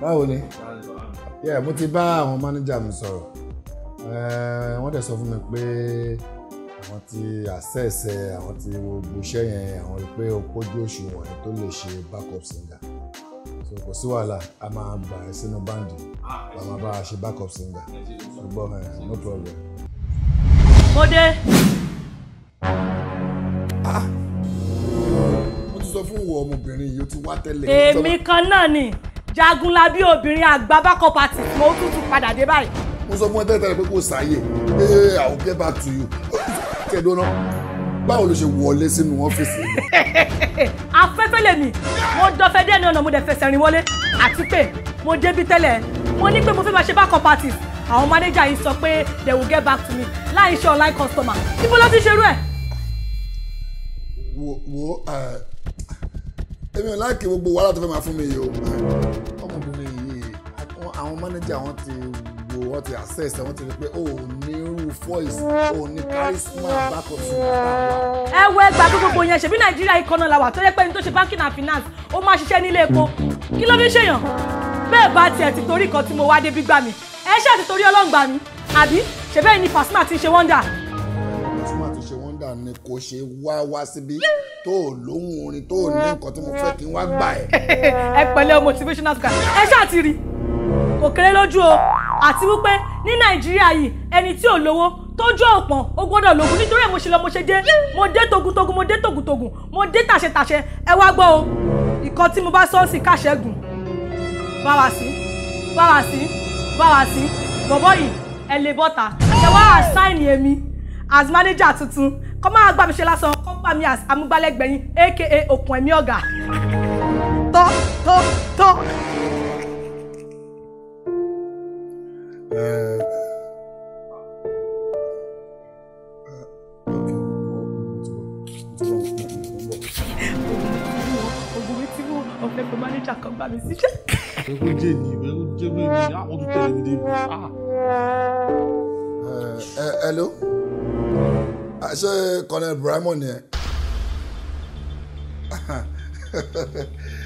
báwo ni mo ti bá àwọn manager mi sọ̀rọ̀ eh, wọ́n dẹ̀ sọ fún mi pé àwọn ti access àwọn ti gbogbo iṣẹ́ yẹn àwọn rí pé ó pójú òṣùwọ̀n tó lè ṣe backup singer so kò sí wàhálà a máa gbà ẹ́ sínú báńdì ah, a máa bá a ṣe backup singer ṣùgbọ́n eh, no problem. mo dé. Ah, mo ti sọ fún wo ọmọbìnrin yìí ó ti wá tẹ́lẹ̀. èmi kan náà ni jagunlabi obìnrin àgbà backup party mo tún tún padà dé báyìí. mo sọ fún ẹ tẹ́lẹ̀ tẹ́lẹ̀ pé kò sáyè ee I will get back to you tẹ̀ dọ́nà báwo ló ṣe wọlé sínú ọ́fíìsì. afẹ́fẹ́ lèmi mo dọ́fẹ́ dé ẹni ọ̀nà mo dẹ̀ fẹsẹ̀ rìn wọlé àti pé mo débi tẹ́lẹ̀ mo ní pé mo fẹ́ máa ṣe backup party àwọn mánéjà yìí sọ pé they will get back to me láì ṣe online customer ibo ló ti ṣerú ẹ̀. wo wo eh, èmi ò láìkí gbogbo wàhálà tó fẹ́ máa fún mi yìí o manager wọn ti wo wọn ti access wọn ti rí pé o oh, ò oh, ní irú voice o charisma bákan sí ìgbà. ẹ wo ẹgbàá gbogbo yẹn ṣèbí nàìjíríà ìkànnà làwà tó yẹ pé ní tó ṣe banking and finance ó máa ṣiṣẹ́ nílé epo kí ló fi ṣèyàn bẹ́ẹ̀ bá tiẹ̀ ti torí kan tí mo wá dé bí gbà mí ẹ ṣáà ti torí ọlọ́run gbà mí àbí ṣèbẹ́ẹ̀ ni Pasuma ti ń ṣe wọ́ndà kódà ni kò ṣe wá wá síbí tó o lóhùn orin tó o ní nǹkan tí mo fẹ́ kí n wá gbà ẹ́. ẹ pẹ̀lẹ́ motivational speaker ẹ ṣáà ti rí kò kéré lójú o àti wípé ní nàìjíríà yìí ẹni tí ò lówó tójú ọ̀pọ̀n ó gbọ́dọ̀ lógun nítorí ẹ̀ mo ṣe lọ mo ṣe dé mo dé togun-togun mo dé togun-togun mo dé tàṣẹ-tàṣẹ ẹ wá gbọ́ o ìkan tí mo bá sọ sí káṣẹ́gun bá wa sí bá wa sí bá wa sí bọ̀bọ̀ yìí ẹ lè bọ́ta ẹ wá àṣàìní èmi as manager tuntun kọ́ máa gbà mí ṣe lásán kọ́ gbà mí as amúgbálẹ́gbẹ̀yìn aka okùn ẹ̀mí ọ̀gá tọ́ tọ́ tọ́. fún mánéjà kan gbà mí síṣẹ́. ẹkún jẹ ní ìwé ẹkún jẹ bí èmi àwọn tó tẹ̀lé mi dé ibi. ẹ ẹ ló ṣé Colonel Braimon yẹn.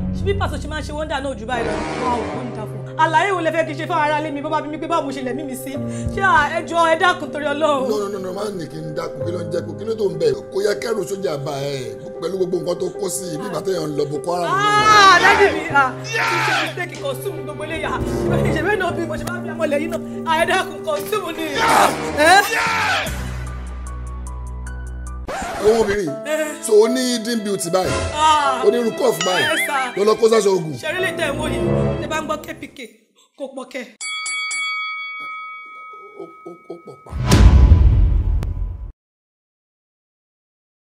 ṣé bí pàṣẹ ṣe máa ń ṣe wọ́ndà náà jù báyìí lọ. wow wonderful. àlàyé wo lẹ fẹ́ kí n ṣe fún ara lé mi bọ́bá bí mi pé báwo ṣe lẹ̀mí mi sí ṣé ẹ jọ ẹ dákun torí ọlọ́run. no no no má ní kí n dákun kí ló ń jẹ kó kí ló tó ń bẹ kó yẹ kẹrù sójà bá ẹ pẹ̀lú gbogbo nǹkan tó kó sí ibi ìbátẹ́ yẹn ń lọ boko haram. ah dájú mi ah ṣíṣe mistake costume gbogbo eléyà ìṣèlú ah, náà bí mo ṣe máa fi amọ̀lẹ̀ yìí náà àyẹ̀dá ah, kò costume ni. Eh? owó obìnrin eh. so ó ní dín beauty báyìí ah. ó ní rúkọ́ọ̀f báyìí ló lọ kó sáṣọ ogun. ṣeré lè tẹ ìwọ yìí tẹ bá ń gbọ́ kpk kó pọ̀ kẹ́. ó pọ̀ pa.